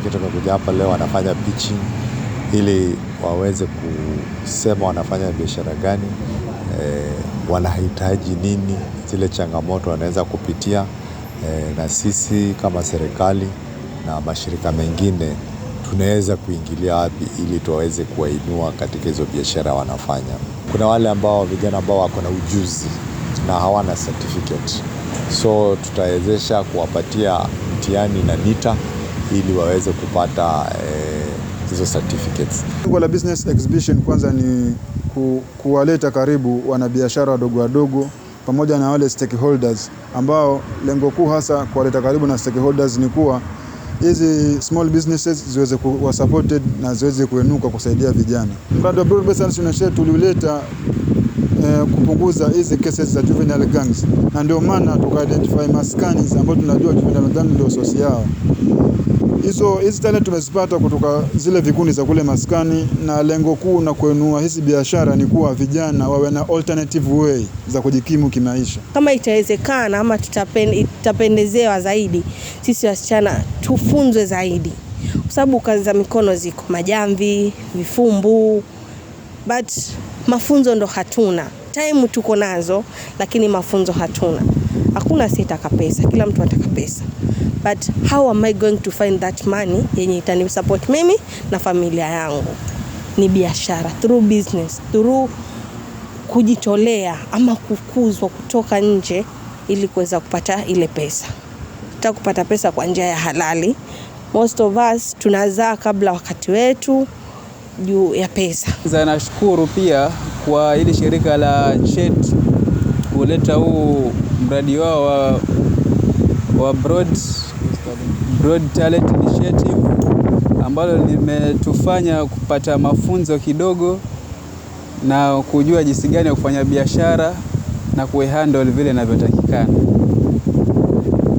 kitu amekuja hapa leo wanafanya pitching ili waweze kusema wanafanya biashara gani e, wanahitaji nini, zile changamoto wanaweza kupitia e, na sisi kama serikali na mashirika mengine tunaweza kuingilia wapi ili tuwaweze kuwainua katika hizo biashara wanafanya. Kuna wale ambao vijana ambao wako na ujuzi na hawana certificate, so tutawezesha kuwapatia mtihani na NITA ili waweze kupata eh, hizo eh, certificates. Lengo la business exhibition kwanza ni ku, kuwaleta karibu wanabiashara wadogo wadogo pamoja na wale stakeholders ambao lengo kuu hasa kuwaleta karibu na stakeholders ni kuwa hizi small businesses ziweze kuwa supported na ziweze kuenuka kusaidia vijana. Mradi wa Broad Based tuliuleta eh, kupunguza hizi cases za juvenile gangs, na ndio maana tuka identify maskani ambao tunajua juvenile gangs ndio sosi yao. Hizo hizi talent tumezipata kutoka zile vikundi za kule maskani, na lengo kuu na kuenua hizi biashara ni kuwa vijana wawe na alternative way za kujikimu kimaisha. Kama itawezekana ama tutapendezewa zaidi, sisi wasichana tufunzwe zaidi, kwa sababu kazi za mikono ziko majamvi, vifumbu but mafunzo ndo hatuna. Time tuko nazo, lakini mafunzo hatuna. Hakuna sitaka pesa, kila mtu anataka pesa, but how am I going to find that money yenye itani support mimi na familia yangu? Ni biashara, through business, through kujitolea ama kukuzwa kutoka nje ili kuweza kupata ile pesa. Tutaka kupata pesa kwa njia ya halali. Most of us tunazaa kabla wakati wetu juu ya pesa. Nashukuru pia kwa hili shirika la CHET kuleta huu mradi wao wa, wa broad, broad talent initiative ambalo limetufanya kupata mafunzo kidogo na kujua jinsi gani ya kufanya biashara na kuhandle vile inavyotakikana.